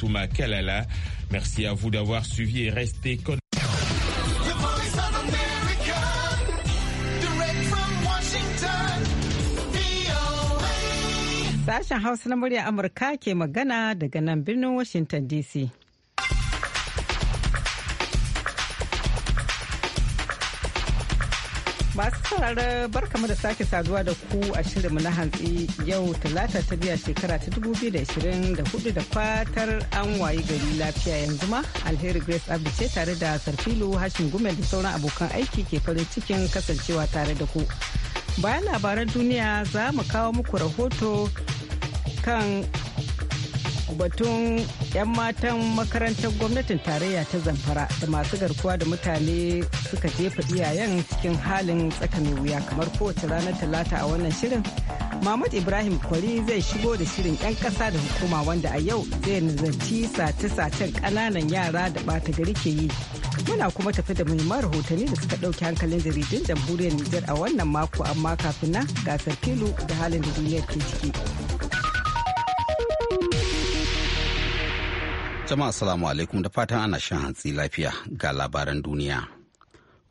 Touma Kalala. Merci à vous d'avoir suivi et resté connectés. Sashen Hausa na murya Amurka ke magana daga nan birnin Washington DC. masu saurara barkamu da sake saduwa da ku a shirinmu na hantsi yau talata ta biya shekara ta 2024 da kwatar an wayi gari lafiya yanzu ma alheri grace abdi ce tare da sarfilo hashin gumel da sauran abokan aiki ke farin cikin kasancewa tare da ku bayan labaran duniya za mu kawo muku rahoto kan batun 'yan matan makarantar gwamnatin tarayya ta zamfara da masu garkuwa da mutane suka jefa iyayen cikin halin tsaka wuya kamar kowace ranar talata a wannan shirin mahmud ibrahim kwari zai shigo da shirin 'yan kasa da hukuma wanda a yau zai nazarci sace-sacen kananan yara da bata gari ke yi muna kuma tafi da muhimman rahotanni da suka ɗauki hankalin jaridun jamhuriyar nijar a wannan mako amma kafin na gasar filu da halin da duniyar ke ciki. Jama'a salamu alaikum da fatan ana shan hantsi lafiya ga labaran duniya.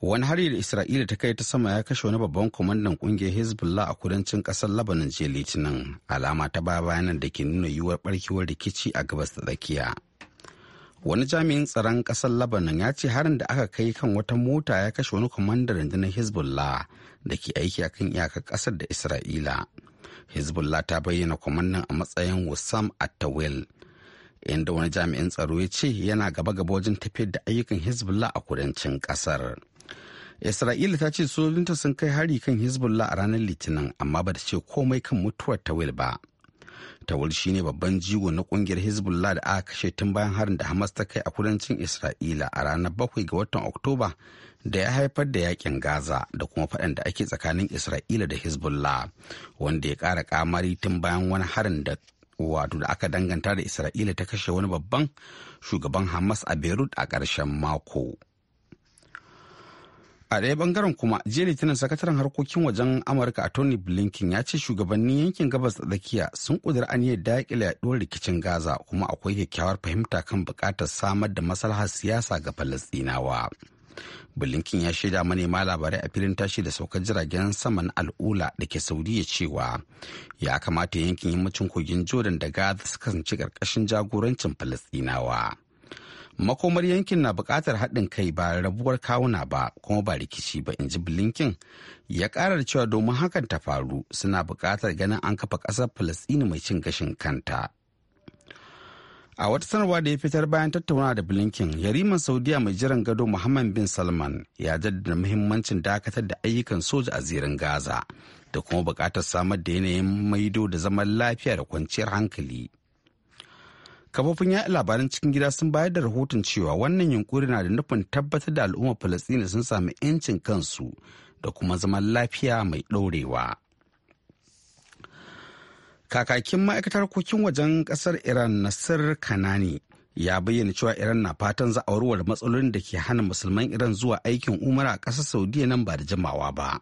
Wani hari da Isra'ila ta kai ta sama ya kashe wani babban kwamandan kungiyar Hezbollah a kudancin kasar Lebanon jiya Litinin alama ta baya bayanan da ke nuna yiwuwar barkewar rikici a gabas da tsakiya. Wani jami'in tsaron kasar Lebanon ya ce harin da aka kai kan wata mota ya kashe wani kwamandan rundunar Hezbollah da ke aiki akan iyakar kasar da Isra'ila. Hezbollah ta bayyana kwamandan a matsayin Wassam Attawil. inda wani jami'in tsaro ya ce yana gaba-gaba wajen tafiyar da ayyukan hezbollah a kudancin kasar isra'ila ta ce sojojinta sun kai hari kan hezbollah a ranar litinin amma ba ta ce komai kan mutuwar tawil ba tawil shine babban jigo na kungiyar hezbollah da aka kashe tun bayan harin da hamas ta kai a kudancin isra'ila a ranar bakwai ga watan oktoba da ya haifar da yakin gaza da kuma faɗan da ake tsakanin isra'ila da hezbollah wanda ya ƙara kamari tun bayan wani harin da wato da aka danganta da isra'ila ta kashe wani babban shugaban hamas a beirut a ƙarshen mako a ɗaya bangaren kuma jiya litinin sakataren harkokin wajen amurka a tony blinken ya ce shugabannin yankin gabas da tsakiya sun ƙudiri aniyar daƙile yaɗuwar rikicin gaza kuma akwai kyakkyawar fahimta kan buƙatar samar da masalahar siyasa ga falastinawa. blinken ya shaida manema labarai a filin tashi da saukar jiragen saman al'ula da ke saudiya cewa ya kamata yankin yammacin kogin jordan da gaza su kasance karkashin jagorancin falastinawa makomar yankin na bukatar haɗin kai ba rabuwar kawuna ba kuma ba rikici ba in ji blinken ya ƙara cewa domin hakan ta faru suna buƙatar ganin an kafa ƙasar falastini mai cin gashin kanta a wata sanarwa da ya fitar bayan tattauna da blinken yariman saudiya mai jiran gado muhammad bin salman ya jaddada muhimmancin dakatar da ayyukan soja a zirin gaza da kuma bukatar samar da yanayin maido da zaman lafiya da kwanciyar hankali kafofin ya labaran cikin gida sun bayar da rahoton cewa wannan yunkuri na da nufin tabbatar da al'ummar falastina sun sami 'yancin kansu da kuma zaman lafiya mai ɗorewa. kakakin ma'aikatar harkokin wajen kasar iran nasir kanani ya bayyana cewa iran na fatan za a warware matsalolin da ke hana musulman iran zuwa aikin umara a kasar saudiya nan ba da jimawa ba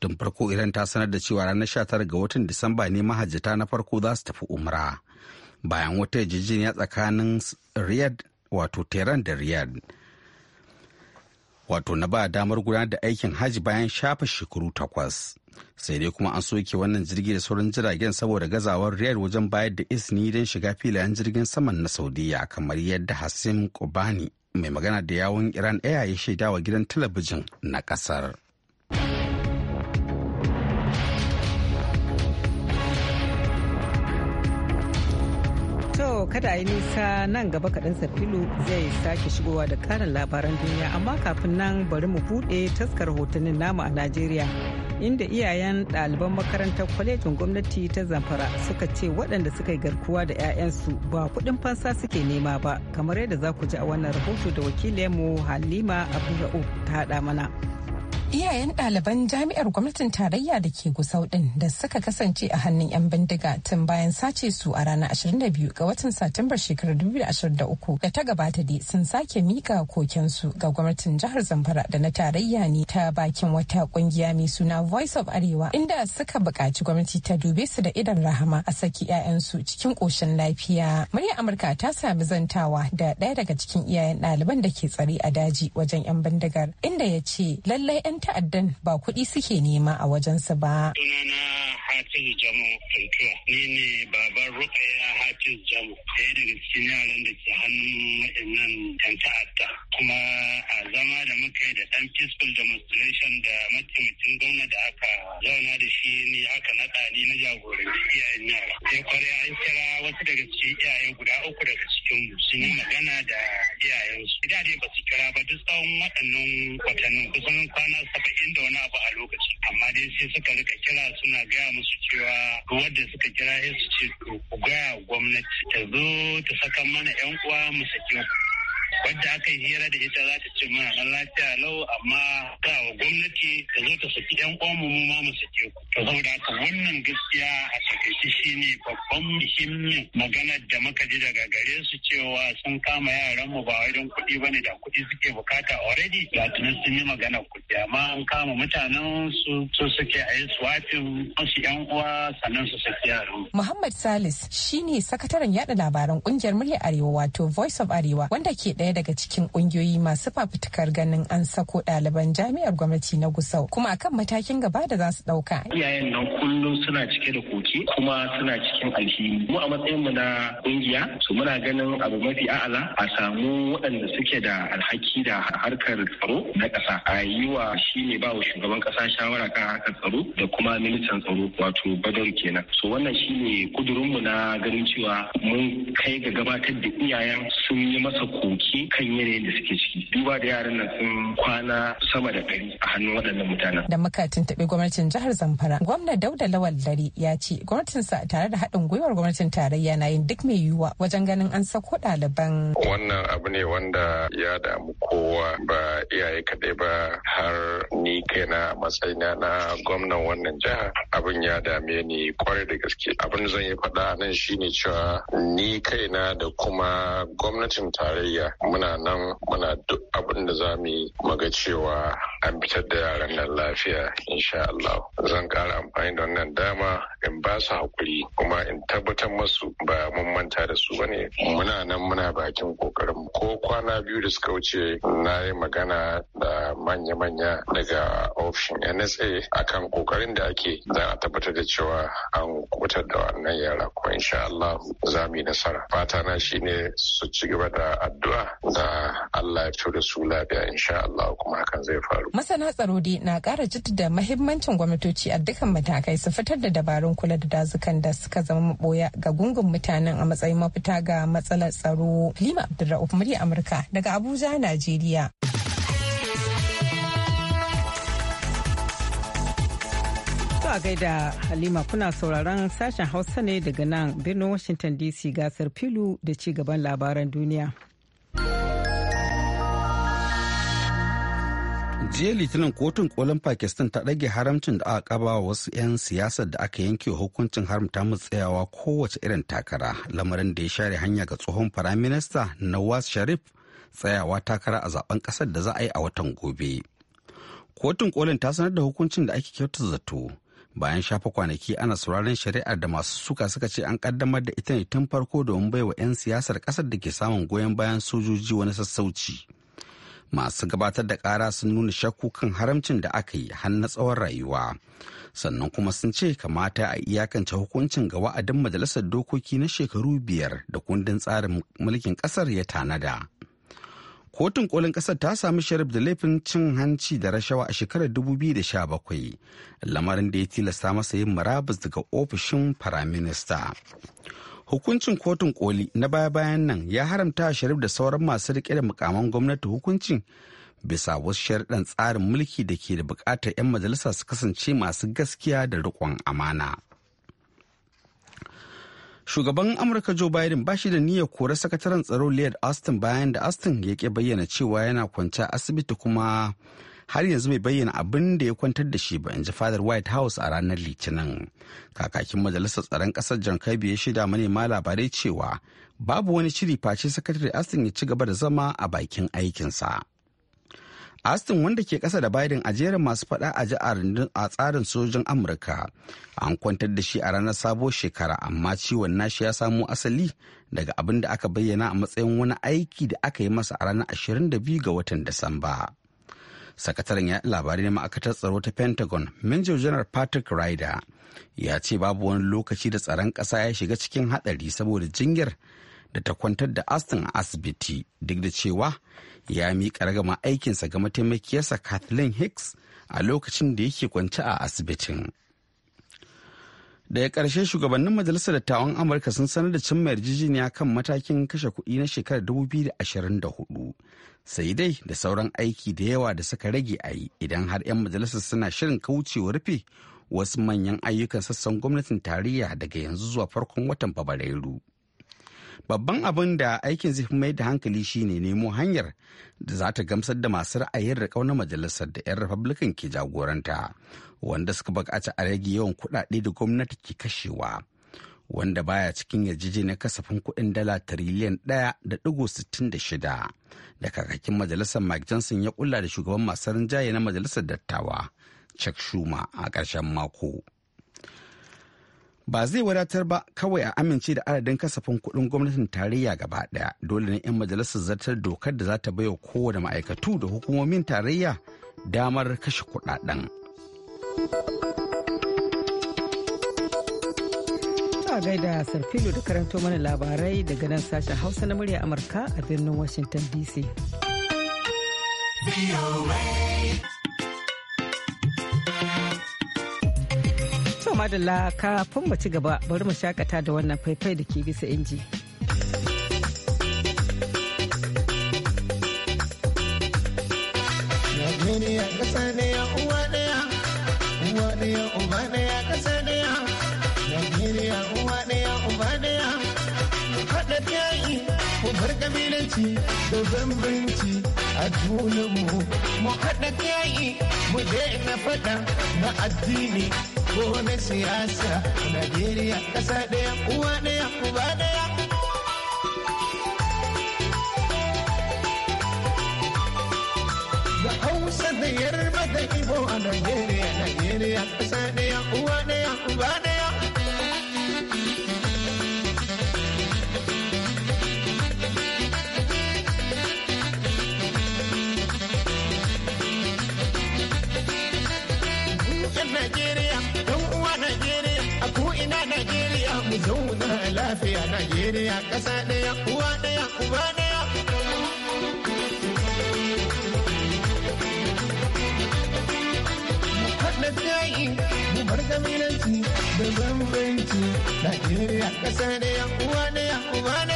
tun farko iran ta sanar da cewa ranar 19 ga watan disamba ne mahajjata na farko za su tafi umara bayan wata yarjejeniya tsakanin riyad wato da riyad wato na ba damar gudanar da aikin hajji bayan shafa shekaru takwas sai dai kuma an soke wannan jirgi da sauran jiragen saboda gazawar riyar wajen bayar da isni don shiga filayen jirgin saman na saudiya kamar yadda hassim kubani mai magana da yawon iran air ya shaida wa gidan talabijin na kasar to kada yi nisa nan gaba kaɗan safilu zai sake shigowa da karin labaran duniya amma kafin nan bari mu buɗe taskar hotunan namu a najeriya inda iyayen ɗaliban makarantar kwalejin gwamnati ta zamfara suka ce waɗanda suka yi garkuwa da 'ya'yansu ba kuɗin fansa suke nema ba kamar yadda za ku ji a wannan rahoto da wakilinmu halima abu ta haɗa mana Iyayen ɗaliban jami'ar gwamnatin tarayya da ke Gusau ɗin da suka kasance a hannun 'yan bindiga tun bayan sace su a ranar 22 ga watan Satumbar shekarar 2023 da ta gabata dai sun sake mika kokensu ga gwamnatin jihar Zamfara da na tarayya ne ta bakin wata kungiya mai suna Voice of Arewa inda suka buƙaci gwamnati ta dube su da idan rahama a saki 'ya'yansu cikin ƙoshin lafiya. Muryar Amurka ta sami zantawa da ɗaya daga cikin iyayen ɗaliban da ke tsare a daji wajen 'yan bindigar inda ya ce lallai 'yan ta'addan ba kuɗi suke nema a wajensu ba. Sunana Hafiz Jamu Fulfiya, ni ne baban Rukaya Hafiz Jamu, ɗaya daga cikin yaran da ke hannun waɗannan 'yan ta'adda. Kuma a zama da muka yi da ɗan peaceful demonstration da mataimakin gwamna da aka zauna da shi ne aka naɗa ni na jagoranci iyayen yara. Sai kwarai an kira wasu daga cikin iyaye guda uku daga cikin sun yi magana da iyayensu. Idan dai ba su kira ba duk tsawon waɗannan watannin kusan kwana saba'in da wani abu a lokaci amma dai sai suka rika kira suna gaya musu cewa wadda suka kira ya su ce to ku gaya gwamnati ta zo ta saka mana yan uwa mu sake ku wadda aka yi hira da ita za ta ce mana dan lafiya lau amma ga wa gwamnati ta zo ta saki yan uwan mu ma mu saki ku to saboda haka wannan gaskiya a takaice ne babban muhimmin maganar da muka ji daga gare su cewa sun kama yaran mu ba wajen kuɗi kuɗi bane da kuɗi suke bukata already da tunan sun yi magana kuɗi amma an kama mutanen su su suke a yi swafin musu yan uwa sannan su saki yaran. Muhammad Salis shi ne sakataren yada labaran kungiyar murya Arewa wato Voice of Arewa wanda ke ɗaya ɗaya daga cikin ƙungiyoyi masu fafutukar ganin an sako ɗaliban jami'ar gwamnati na Gusau kuma akan matakin gaba da za su ɗauka. Iyayen nan kullum suna cike da koke kuma suna cikin alhini. Mu a matsayinmu na ƙungiya su muna ganin abu mafi a'ala a samu waɗanda suke da alhaki da harkar tsaro na ƙasa. A yi wa shi ne ba shugaban ƙasa shawara kan harkar tsaro da kuma ministan tsaro wato badar kenan. So wannan shi ne ƙudurinmu na ganin cewa mun kai ga gabatar da iyayen sun yi masa koki kan yanayin da suke ciki duba da yaran nan sun kwana sama da kari a hannun waɗannan mutanen. Da muka tuntuɓi gwamnatin jihar Zamfara, gwamna Dauda Lawal Dare ya ce gwamnatinsa tare da haɗin gwiwar gwamnatin tarayya na yin duk mai yiwuwa wajen ganin an sako ɗaliban. Wannan abu ne wanda ya damu kowa ba iyaye kaɗai ba har ni kaina matsayina na gwamnan wannan jihar abin ya dame ni kwarai da gaske abin zan yi faɗa nan shine cewa ni kaina da kuma gwamnatin tarayya muna nan muna duk abin da za mu yi muga cewa an fitar da yaran nan lafiya insha Allah. Zan kara amfani da wannan dama in ba su haƙuri kuma in tabbatar masu ba mun manta da su bane. Muna nan muna bakin ƙoƙarin ko kwana biyu da suka wuce na yi magana da manya-manya daga ofishin NSA akan kokarin da ake za a tabbatar da cewa an kubutar da wannan yara ko insha Allah za mu yi nasara. Fata na shine su ci gaba da addu'a da Allah ya fito da su lafiya insha Allah kuma hakan zai faru. masana tsaro dai na ƙara jaddada mahimmancin gwamnatoci a dukkan matakai su fitar da dabarun kula da dazukan da suka zama maboya ga gungun mutanen a matsayin mafita ga matsalar tsaro lima Abdulrahman murya amurka daga abuja najeriya Zuwa gaida Halima kuna sauraron sashen Hausa ne daga nan birnin Washington DC gasar filu da ci gaban labaran duniya. jiya litinin kotun kolin pakistan ta ɗage haramcin da aka kaba wasu 'yan siyasar da aka yanke hukuncin haramta mu tsayawa kowace irin takara lamarin da ya share hanya ga tsohon firaminista nawaz sharif tsayawa takara a zaben ƙasar da za a yi a watan gobe kotun kolin ta sanar da hukuncin da ake kyauta zato bayan shafa kwanaki ana sauraron shari'ar da masu suka suka ce an kaddamar da ita ne tun farko domin baiwa 'yan siyasar ƙasar da ke samun goyon bayan sojoji wani sassauci. masu gabatar da ƙara sun nuna shakku kan haramcin da aka yi har na tsawon rayuwa sannan kuma sun ce kamata a iyakance hukuncin ga wa'adin majalisar dokoki na shekaru biyar da kundin tsarin mulkin ƙasar ya tanada kotun kolin ƙasar ta sami sharif da laifin cin hanci da rashawa a shekarar 2017 lamarin da ya tilasta masa yin marabus daga ofishin firaminista Hukuncin kotun koli na baya-bayan nan ya haramta Sharif da sauran masu rike da mukaman gwamnati hukuncin bisa wasu sharɗan tsarin mulki da ke da bukatar 'yan majalisa su kasance masu gaskiya da riƙon amana. Shugaban Amurka Joe Biden ba shi da niyyar kore sakataren tsaro Lloyd Austin bayan da Austin ya ƙi bayyana cewa yana kwance asibiti kuma har yanzu mai bayyana abin da ya kwantar da shi ba in ji fadar white house a ranar litinin kakakin majalisar tsaron ƙasar john kirby ya shida manema labarai cewa babu wani shiri face sakatare astin ya ci gaba da zama a bakin aikinsa astin wanda ke kasa da biden a jerin masu fada a jihar a tsarin sojin amurka an kwantar da shi a ranar sabo shekara amma ciwon nashi ya samo asali daga abin da aka bayyana a matsayin wani aiki da aka yi masa a ranar 22 ga watan disamba sakataren ya labarai na ma'aikatar tsaro ta pentagon major general patrick ryder ya ce babu wani lokaci da tsaron ƙasa ya shiga cikin haɗari saboda jinyar da ta kwantar da aston a asibiti duk da cewa ya miƙa ragama aikinsa ga mataimakiyarsa kathleen hicks a lokacin da yake kwance a asibitin daga ƙarshe shugabannin majalisar dattawan amurka sun sanar da cimma yarjejeniya kan matakin kashe kuɗi na shekarar 2024 sai dai da sauran aiki da yawa da suka rage a yi idan har 'yan majalisar suna shirin kaucewa rufe wasu manyan ayyukan sassan gwamnatin tarayya daga yanzu zuwa farkon watan fabrairu babban abin da aikin zai mai da hankali shine nemo hanyar da za ta gamsar da masu ra'ayin da na majalisar da 'yan republican ke jagoranta wanda suka buƙaci a rage yawan kuɗaɗe da gwamnati ke kashewa wanda baya cikin yajiji na kasafin kuɗin dala tiriliyan ɗaya da digo sittin da shida da kakakin majalisar mike johnson ya ƙulla da shugaban masu rinjaye na majalisar dattawa chuck schumer a ƙarshen mako. ba zai wadatar ba kawai a amince da adadin kasafin kuɗin gwamnatin tarayya gaba ɗaya dole ne 'yan majalisar zartar dokar da za ta baiwa kowane ma'aikatu da hukumomin tarayya damar kashe kuɗaɗen. a gaida sarfilo da karanto mana labarai daga nan sashen hausa na murya amurka a birnin washington dc. madalla kafin mu ci gaba bari mu shakata da wannan faifai da ke bisa inji. Duniya ƙasa ɗaya uwa ɗaya, uwa Najeriya uwa ɗaya uba ɗaya, mu faɗa yayi, mu bar ƙabilanci da bambanci a junanmu, mu haɗa yayi, mu daina faɗa na addini ko na siyasa Najeriya Kasa ɗaya uwa ɗaya uba ɗaya. Da Hausa da Yarba da Ibo a Najeriya, Najeriya ƙasa ɗaya uwa ɗaya uba ɗaya. zauna lafiya Najeriya ƙasa uwa da banbanci Najeriya ƙasa ɗaya uwa ɗaya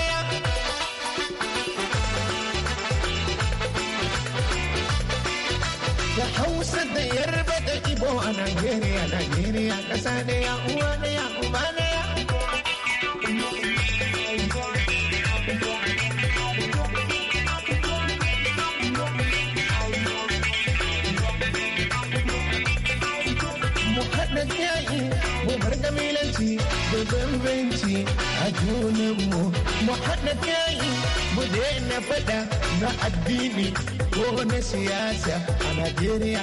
Da Hausa da Yarba da Ibo a Najeriya, Najeriya ƙasa ɗaya uwa ɗaya. na tayi mu na faɗa na addini ko na siyasa a Najeriya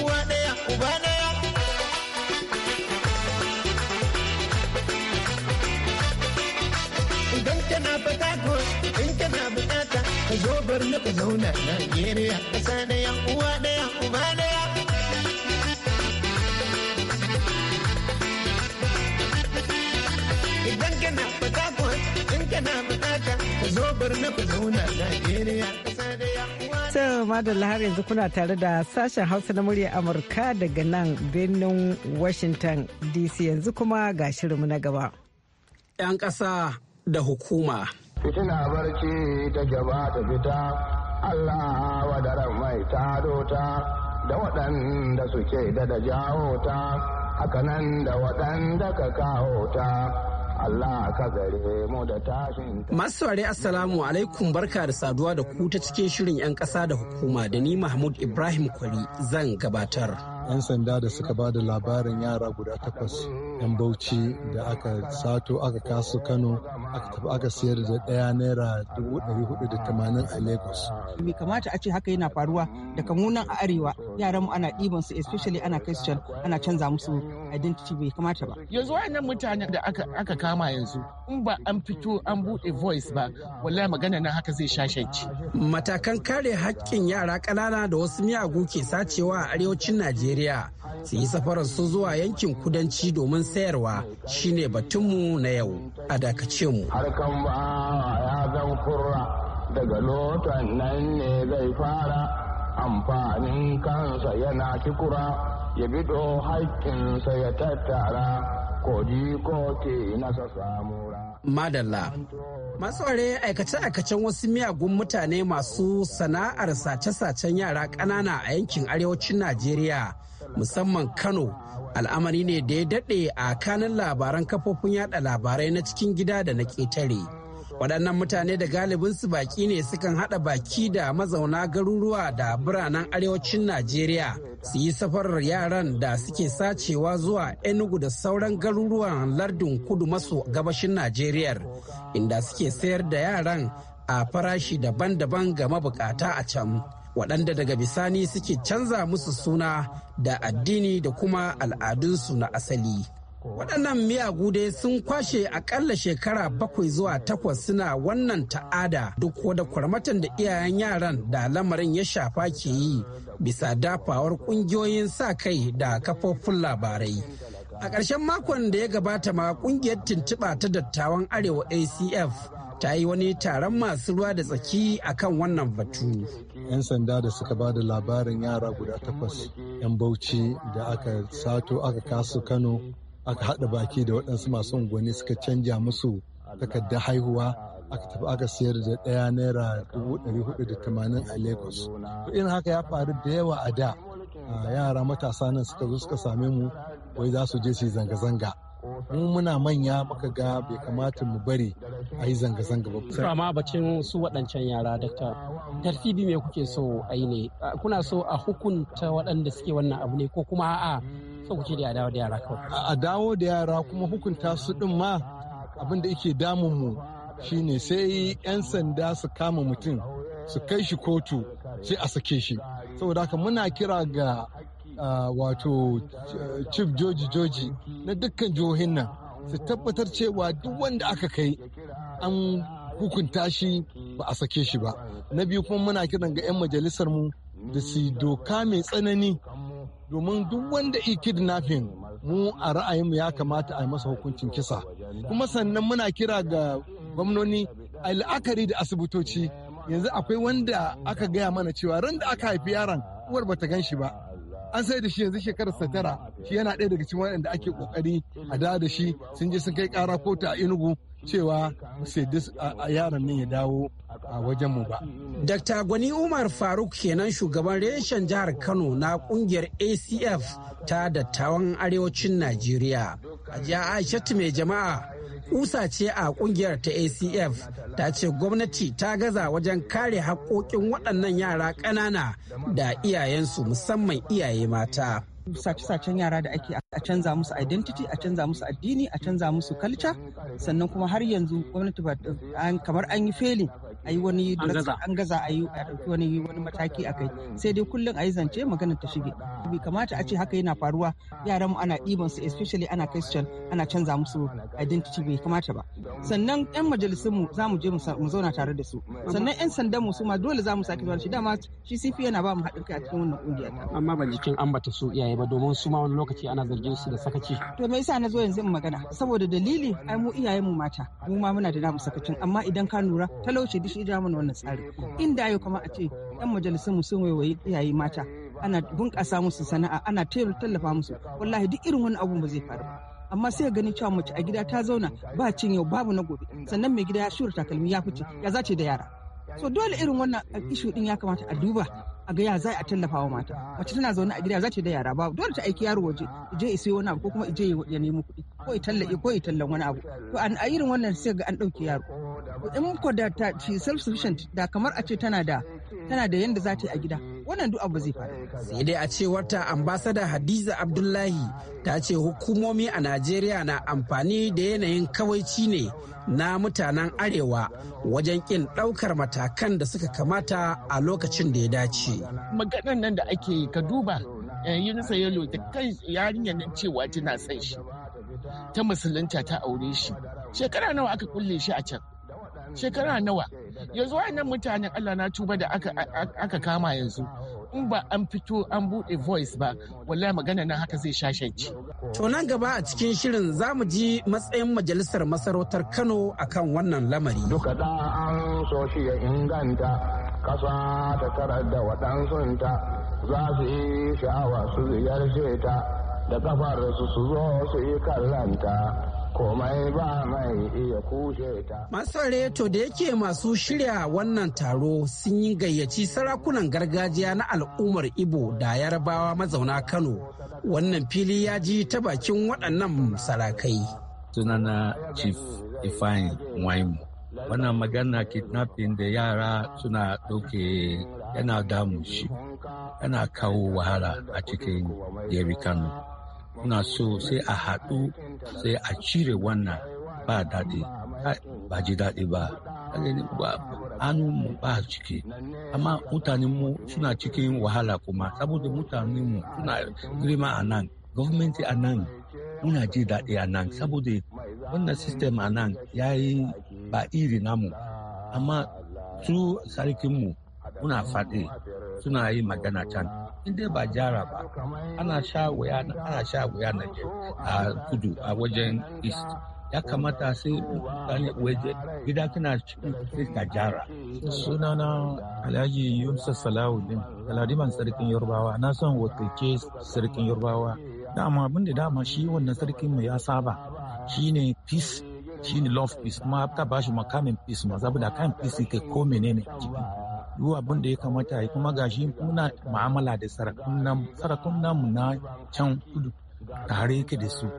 uwa uba Idan kana fata ko in kana bukata ka zo bar na ka zauna Najeriya uwa uba Idan kana fata ko kana bukata ka zo ku zauna Najeriya ta madalla har yanzu kuna tare da sashen hausa na murya amurka daga nan birnin washington dc yanzu kuma ga shirinmu na gaba 'yan ƙasa da hukuma fitina barci ta gaba ta fita allah wadaran mai ta ta da waɗanda suke da da jawo ta nan da waɗanda ka kawo ta Allah ka gare mu da tashin Masu saurari Assalamu alaikum barka da saduwa da ku ta cikin shirin 'yan ƙasa da hukuma da ni Mahmud Ibrahim Kwari zan gabatar. 'yan sanda da suka ba da labarin yara guda takwas 'yan bauchi da aka sato aka kasu kano aka tafi sayar da daya naira 480 a lagos bai kamata a ce haka yana faruwa daga kamunan a arewa yaran mu ana ɗiban su especially ana christian ana canza musu identity bai kamata ba yanzu wayannan mutanen da aka kama yanzu in ba an fito an buɗe voice ba wallahi magana na haka zai shashanci matakan kare haƙƙin yara ƙanana da wasu miyagu ke sacewa a arewacin najeriya najeriya su yi safarar zuwa yankin kudanci domin sayarwa shine batunmu na yau a dakace mu harkan ya zan kurra daga lotan nan ne zai fara amfanin kansa yana kikura ya bido haƙƙinsa ya tattara ko ke nasa Madalla. Masu ware aikace-aikacen wasu miyagun mutane masu sana'ar sace-sacen yara ƙanana a yankin arewacin Najeriya musamman Kano al'amari ne da ya daɗe a kanan labaran kafofin yada labarai na cikin gida da na ƙetare. waɗannan mutane da galibin su baki ne sukan haɗa baki da mazauna garuruwa da biranen arewacin najeriya su yi safarar yaran da suke sacewa zuwa enugu da sauran garuruwan lardin kudu maso gabashin najeriya inda suke sayar da yaran a farashi daban-daban ga mabukata a can waɗanda daga bisani suke canza musu suna da addini da kuma al'adunsu na asali waɗannan miyagu dai sun kwashe aƙalla shekara bakwai zuwa takwas suna wannan ta'ada duk wada kwarmatan da iyayen yaran da lamarin ya shafa ke yi bisa dafawar ƙungiyoyin sa kai da kafofin labarai a ƙarshen makon da ya gabata ma ƙungiyar tuntuɓa ta dattawan arewa acf ta yi wani taron masu ruwa da tsaki akan wannan batu 'yan sanda da suka ba da labarin yara guda takwas 'yan bauchi da aka sato aka kasu kano aka haɗa baki da waɗansu masu unguwanni suka canja musu takardar haihuwa aka tafi aka sayar da ɗaya naira 480 a lagos irin haka ya faru da yawa a da ah, yara matasa nan suka zo suka same mu wai za su je su yi zanga-zanga mu muna manya muka ga bai kamata mu bari a yi zanga-zanga ba. Su amma bacin su waɗancan yara dakta. Tarfibi me kuke so a yi ne? Kuna so a hukunta waɗanda suke wannan abu ne ko kuma a'a so kuke da a dawo da yara kawai? A dawo da yara kuma hukunta su ɗin ma abin da yake damun mu shine sai 'yan sanda su kama mutum su kai shi kotu sai a sake shi. Saboda haka muna kira ga wato chief joji joji na dukkan jihohin nan su tabbatar cewa duk wanda aka kai an hukunta shi ba a sake shi ba na biyu kuma muna kiran ga 'yan majalisar mu da su doka mai tsanani domin duk wanda i kidnapping mu a ra'ayinmu ya kamata a yi masa hukuncin kisa kuma sannan muna kira ga gwamnoni a la'akari da asibitoci yanzu akwai wanda aka gaya mana cewa ran da aka haifi yaron uwar bata gan shi ba an sai da shi yanzu shekarar sa tara shi yana ɗaya daga cikin waɗanda ake kokari a da da shi sun je sun kai ƙara kotu a inugu cewa sai a yaron nan ya dawo a wajen mu ba. Dr. Gwani Umar Faruk kenan shugaban reshen jihar Kano na kungiyar ACF ta dattawan arewacin Najeriya. A Aisha mai jama'a kusa ce a kungiyar ta acf ta ce gwamnati ta gaza wajen kare haƙoƙin waɗannan yara ƙanana da iyayensu musamman iyaye mata sace-sacen yara da ake a canza musu identity a canza musu addini a canza musu culture sannan kuma har yanzu gwamnati ba kamar an yi failing a yi wani an gaza a yi wani wani mataki a kai sai dai kullum a yi zance magana ta shige bai kamata a ce haka yana faruwa yaran mu ana ɗiban su especially ana christian ana canza musu identity bai kamata ba sannan yan majalisun mu za mu je mu zauna tare da su sannan yan sandan mu su ma dole za mu sake zuwa shi dama shi CP yana ba mu haɗin kai a cikin wannan kungiya amma ban jikin bata su iyaye ba domin su ma wani lokaci ana zargin su da sakaci to me yasa na zo yanzu in magana saboda dalili ai mu iyayen mu mata mu ma muna da namu sakacin amma idan ka lura talauci dishi shi ja mana wannan tsari inda yau kuma a ce yan majalisun mu sun waiwayi iyaye mata ana bunƙasa musu sana'a ana tallafa musu wallahi duk irin wani abu ba zai faru ba amma sai ganin cewa mace a gida ta zauna ba cin yau babu na gobe sannan mai gida ya shura takalmi ya fice ya zace da yara so dole irin wannan ishu din ya kamata a duba a ga ya za a tallafa wa mata mace tana zaune a gida za ta da yara ba dole ta aiki yaro waje je isai wani abu ko kuma je ya nemi kuɗi ko ya tallafi ko ya tallan wani abu to an a irin wannan sai ga an ɗauki yaro in ko da ta ci self sufficient da kamar a ce tana da tana da yanda za ta yi a gida wannan duk abu zai faru sai dai a cewar ta ambasada hadiza abdullahi ta ce hukumomi a najeriya na amfani da yanayin kawaici ne na mutanen arewa wajen kin ɗaukar matakan da suka kamata a lokacin da ya dace maganar nan da ake yi ka duba eh, yunusa yalo da kan yarinyar nan cewa tana son shi ta musulunta ta aure shi shekara nawa aka kulle shi a can shekara nawa yanzu nan mutanen allah na tuba da aka kama yanzu in ba an fito an buɗe voice ba wallahi magana na haka zai shashanci. To nan gaba a cikin shirin za mu ji matsayin majalisar masarautar Kano akan wannan lamari. Duka da an so shi ya inganta kasa ta tarar da waɗansunta za su yi sha'awa su ziyarce ta da kafar su su zo su yi kallanta. komai ba mai iya kushe ta. Masu reto da yake masu shirya wannan taro sun yi gayyaci sarakunan gargajiya na al'ummar Ibo da Yarabawa mazauna Kano. Wannan fili ya ji ta bakin waɗannan sarakai. Sunana Chief Ifeanyi Nwaimu. Wannan magana kidnapping da yara suna ɗauke yana damu shi, yana kawo wahala a cikin Yeri Kano. muna so sai a haɗu sai a cire wannan ba daɗi ba ji daɗi ba mu ba ciki amma mutanenmu suna cikin wahala kuma saboda mutanenmu suna girma a nan gwamnati a nan muna ji daɗi a nan saboda wannan sistem a nan ya yi ba iri namu amma su sarkinmu muna faɗi suna yi magana can in dai ba jara ba ana sha wuya ana sha wuya na a kudu a wajen east ya kamata sai mutane waje gida tana cikin ka jara. Sunana Alhaji Yunusa Salawuddin, aladiman Sarkin Yarbawa, na son wakilce Sarkin Yarbawa. Dama abin da dama shi wannan sarkin mu ya saba shi ne peace, shi ne love peace, kuma ta ba shi makamin peace ma, da kan peace ke ko menene cikin. duk abin da ya kamata ya yi kuma gashi muna ma'amala da sarakun nan sarakun namu na can kudu tare yake da su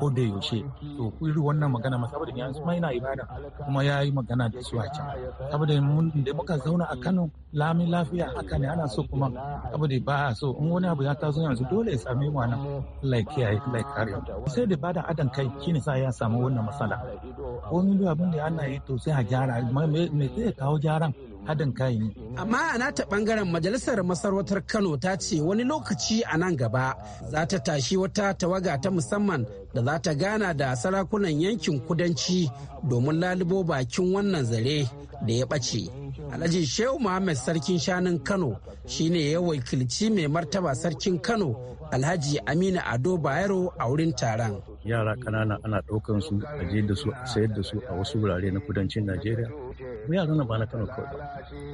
ko da yaushe to iri wannan magana ma saboda yanzu ma yana ibada kuma ya yi magana da su a can saboda mun da muka zauna a Kano lami lafiya haka ne ana so kuma saboda ba a so in wani abu ya taso yanzu dole ya same mu nan like kiyaye like kare sai da bada adan kai shine sa ya samu wannan matsala ko ni da abin da ana yi to sai a gyara me zai kawo gyaran hadin kai Amma a nata ɓangaren majalisar masarautar Kano ta ce wani lokaci a nan gaba za ta tashi wata tawaga ta musamman da za ta gana da sarakunan yankin kudanci domin lalubo bakin wannan zare da ya ɓace. Alhaji Shehu Muhammad Sarkin Shanun Kano shine ya wakilci mai martaba Sarkin Kano Alhaji Aminu Ado Bayero a wurin taron. yara kanana ana ɗaukan su a je da su a sayar da su a wasu wurare na kudancin najeriya yaran na ba na kano kawai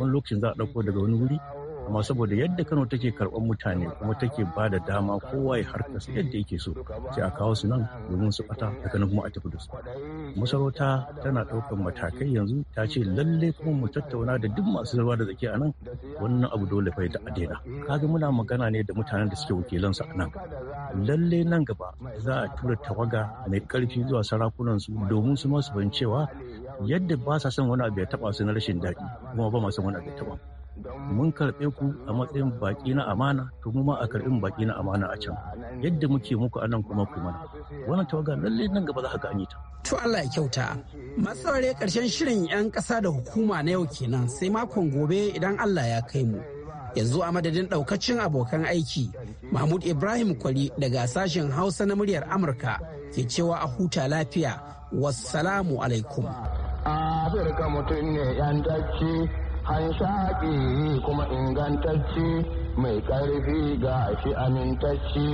wani lokacin za a ɗauko daga wani wuri amma saboda yadda kano take karɓar mutane kuma take ba da dama kowa ya harkar su yadda yake so sai a kawo su nan domin su bata da kano kuma a tafi da su masarauta tana ɗaukar matakai yanzu ta ce lalle kuma mu tattauna da duk masu zarwa da zaki a nan wannan abu dole fa ta a daina kaga muna magana ne da mutanen da suke su a nan lalle nan gaba za a tura tawaga mai ƙarfi zuwa sarakunan su domin su masu ban cewa yadda ba sa son wani abu ya taba su na rashin daɗi kuma ba ma son wani abu ya taba mun karɓe ku a matsayin baƙi na amana to mu ma a karɓi baƙi na amana a can yadda muke muku anan kuma ku mana wannan tawaga lalle nan gaba za ka an ta to Allah ya kyauta masaurare karshen shirin yan ƙasa da hukuma na yau kenan sai makon gobe idan Allah ya kai mu yanzu a madadin daukacin abokan aiki mahmud ibrahim kwali daga sashen hausa na muryar amurka ke cewa a huta lafiya wassalamu alaikum afirka mutum ne yan an shaƙi kuma ingantacci mai ƙarfi ga shi amintacce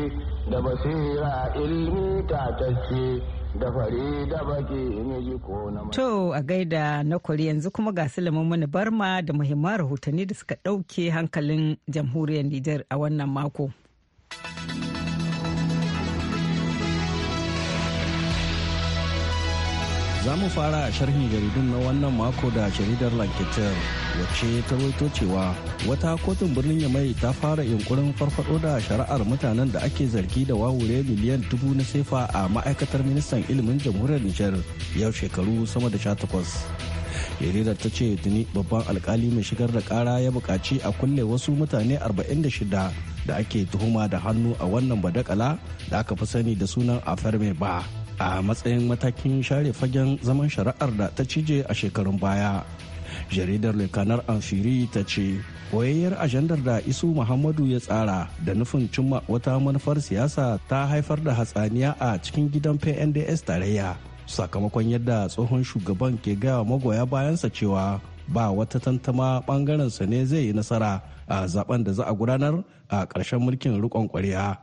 da basira ilmi tatacce da fari da baki miji ko na To a gaida na kwari yanzu kuma ga silimin mani barma da muhimman rahotanni da suka ɗauke hankalin jamhuriyar Nijar a wannan mako. za mu fara sharhin jaridun na wannan mako da jaridar lankitar wacce ta rawaito cewa wata kotun birnin yamai ta fara yunkurin farfado da shari'ar mutanen da ake zargi da wawure miliyan dubu na sefa a ma'aikatar ministan ilimin jamhuriyar nijar yau shekaru sama da sha takwas jaridar ta ce tuni babban alkali mai shigar da kara ya buƙaci a kulle wasu mutane 46 da ake tuhuma da hannu a wannan badakala da aka fi sani da sunan mai ba a matsayin matakin share fagen zaman shari'ar da ta cije a shekarun baya jaridar lekanar amfiri ta ce wayayyar ajandar da isu muhammadu ya tsara da nufin cimma wata manufar siyasa ta haifar da hatsaniya a cikin gidan pnds tarayya sakamakon yadda tsohon shugaban ke gaya magoya bayansa cewa ba wata tantama bangarensa ne zai yi nasara a zaben da za a gudanar a ƙarshen mulkin riƙon ƙwarya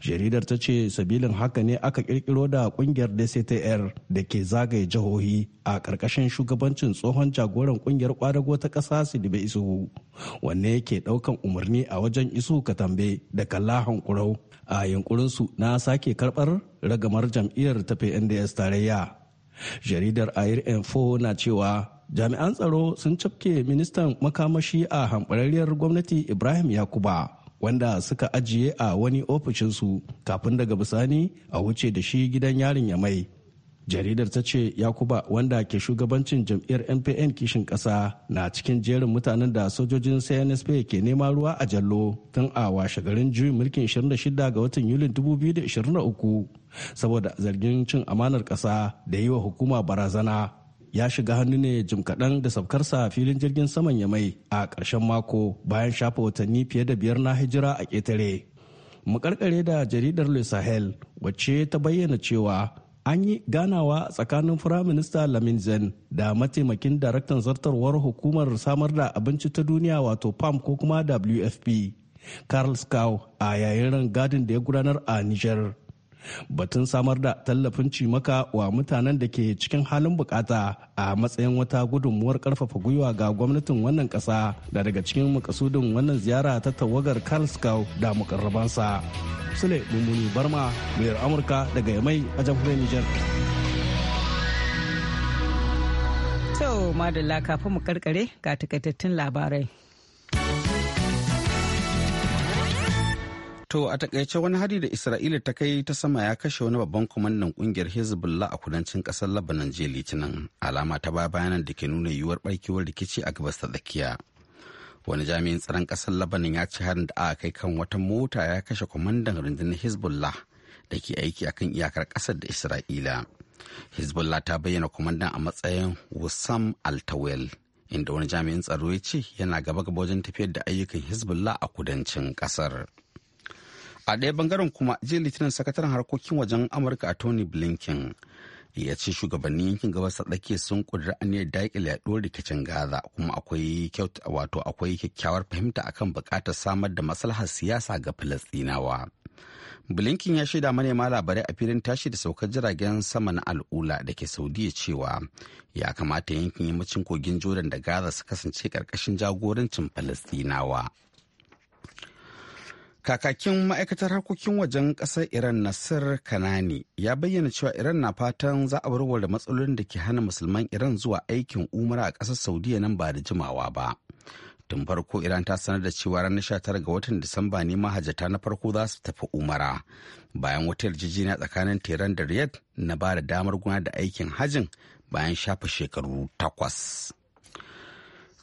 jaridar ta ce sabilin haka ne aka kirkiro da kungiyar dctr da ke zagaye jihohi a ƙarƙashin shugabancin tsohon jagoran kungiyar kwadago ta ƙasa sidibe isuhu wanne yake ɗaukan umarni a wajen isu katambe da kalla hankurau a yunkurinsu na sake karɓar ragamar jam'iyyar ta pnds tarayya jaridar air info na cewa jami'an tsaro sun cafke ministan makamashi a hamɓararriyar gwamnati ibrahim yakuba wanda suka ajiye a wani ofishinsu kafin daga bisani a wuce da shi gidan yarin ya mai jaridar ta ce yakuba wanda ke shugabancin jam'iyyar npn kishin ƙasa na cikin jerin mutanen da sojojin cnsp ke nema ruwa a jallo tun a washe garin juyin mulkin 26 ga watan yulin 2023 saboda zargin cin amanar ƙasa da yi wa hukuma barazana ya shiga hannu ne jim kaɗan da sabkarsa filin jirgin saman ya mai a ƙarshen mako bayan shafa watanni fiye da biyar na hijira a ƙetare. Makarƙare da jaridar Le Sahel wacce ta bayyana cewa an yi ganawa tsakanin firaminista lamin zen da mataimakin daraktan zartarwar hukumar samar da abinci ta duniya wato pam ko kuma wfp carl scow a yayin gadin da ya gudanar a nijar batun samar da tallafin cimaka wa mutanen da ke cikin halin bukata a matsayin wata gudunmuwar karfafa gwiwa ga gwamnatin wannan kasa da daga cikin makasudin wannan ziyara ta tawagar karlskau da mukarrabansa sule mummuni barma mayar amurka daga yamai a jamhuriyar niger to madalla kafin mu karkare ga takaitattun labarai To a takaice wani hari da Isra'ila ta kai ta sama ya kashe wani babban kwamandan kungiyar Hezbollah a kudancin kasar Lebanon jiya Litinin alama ta baya bayanan da ke nuna yiwuwar barkewar rikici a gabas ta tsakiya. Wani jami'in tsaron kasar Lebanon ya ci harin da aka kai kan wata mota ya kashe kwamandan rundunar Hezbollah da ke aiki akan iyakar kasar da Isra'ila. Hezbollah ta bayyana kwamandan a matsayin Wusam Altawel inda wani jami'in tsaro ya ce yana gaba gaba wajen tafiyar da ayyukan Hezbollah a kudancin kasar. a ɗaya bangaren kuma jiya litinin sakataren harkokin wajen amurka a tony blinken ya ce shugabannin yankin gabas ta tsakiya sun kudura aniyar daƙile yaduwar rikicin gaza kuma akwai wato akwai kyakkyawar fahimta akan buƙatar samar da maslahar siyasa ga filistinawa blinken ya shaida manema labarai a filin tashi da saukar jiragen sama na al'ula da ke saudiya cewa ya kamata yankin yammacin kogin jordan da gaza su kasance ƙarƙashin jagorancin falastinawa Kakakin ma'aikatar harkokin wajen ƙasar Iran Nasir Kanani ya bayyana cewa Iran na fatan za a warware matsalolin da ke hana musulman Iran zuwa aikin umara a ƙasar Saudiya nan ba da jimawa ba. Tun farko Iran ta sanar da cewa ranar 19 ga watan Disamba ne mahajjata na farko za su tafi umara. Bayan wata yarjejeniya tsakanin Tehran da Riyadh na ba da damar gudanar da aikin hajin bayan shafe shekaru takwas.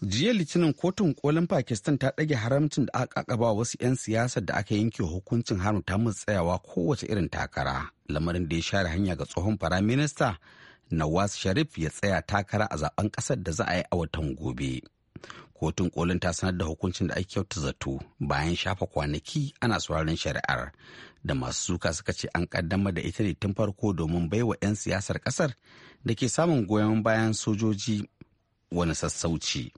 jiya litinin kotun kolin pakistan ta ɗage haramcin da aka ƙaba wasu 'yan siyasar da aka yanke hukuncin haramta musu tsayawa kowace irin takara lamarin da ya share hanya ga tsohon firaminista nawaz sharif ya tsaya takara a zaben ƙasar da za a yi a watan gobe kotun kolin ta sanar da hukuncin da ake kyauta zato bayan shafa kwanaki ana sauraron shari'ar da masu suka suka ce an kaddamar da ita ne tun farko domin baiwa 'yan siyasar ƙasar da ke samun goyon bayan sojoji wani sassauci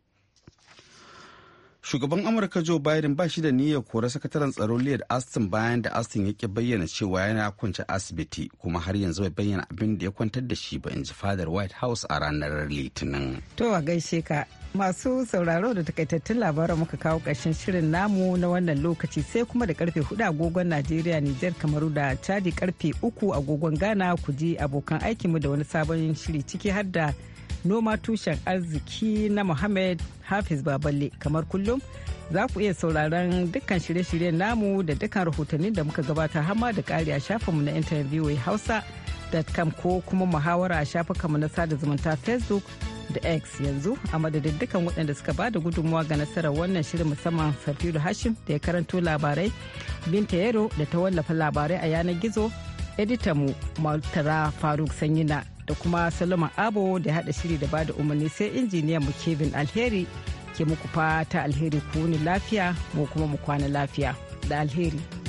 shugaban amurka joe biden ba shi da niyyar kora sakataren tsaro liyar aston bayan da aston ya ki bayyana cewa yana kwanci asibiti kuma har yanzu bai bayyana abin da ya kwantar da shi ba in ji fadar white house a ranar litinin to a gaishe ka masu sauraro da takaitattun labaran muka kawo ƙarshen shirin namu na wannan lokaci sai kuma da karfe hudu agogon najeriya nijar kamaru da chadi karfe uku agogon ghana ku ji abokan aikinmu da wani sabon shiri ciki har da noma tushen arziki na Muhammad Hafiz Baballe kamar kullum za ku iya sauraron dukkan shirye-shiryen namu da dukkan rahotannin da muka gabata hama da kari a shafinmu na interviewe Hausa.com ko kuma muhawara a shafukanmu na sada zumunta Facebook da X yanzu a madadin dukkan waɗanda suka bada gudunmuwa ga nasarar wannan shirin musamman Safiru Hashim da ya karanto labarai Binta Yero da ta wallafa labarai a yanar gizo editanmu Maltara Faruk Sanyina da kuma Salama Abo da haɗa shiri da bada umarni sai injiniyan mu Kevin Alheri ke muku fata alheri ku ni lafiya mu kuma mu kwana lafiya da alheri.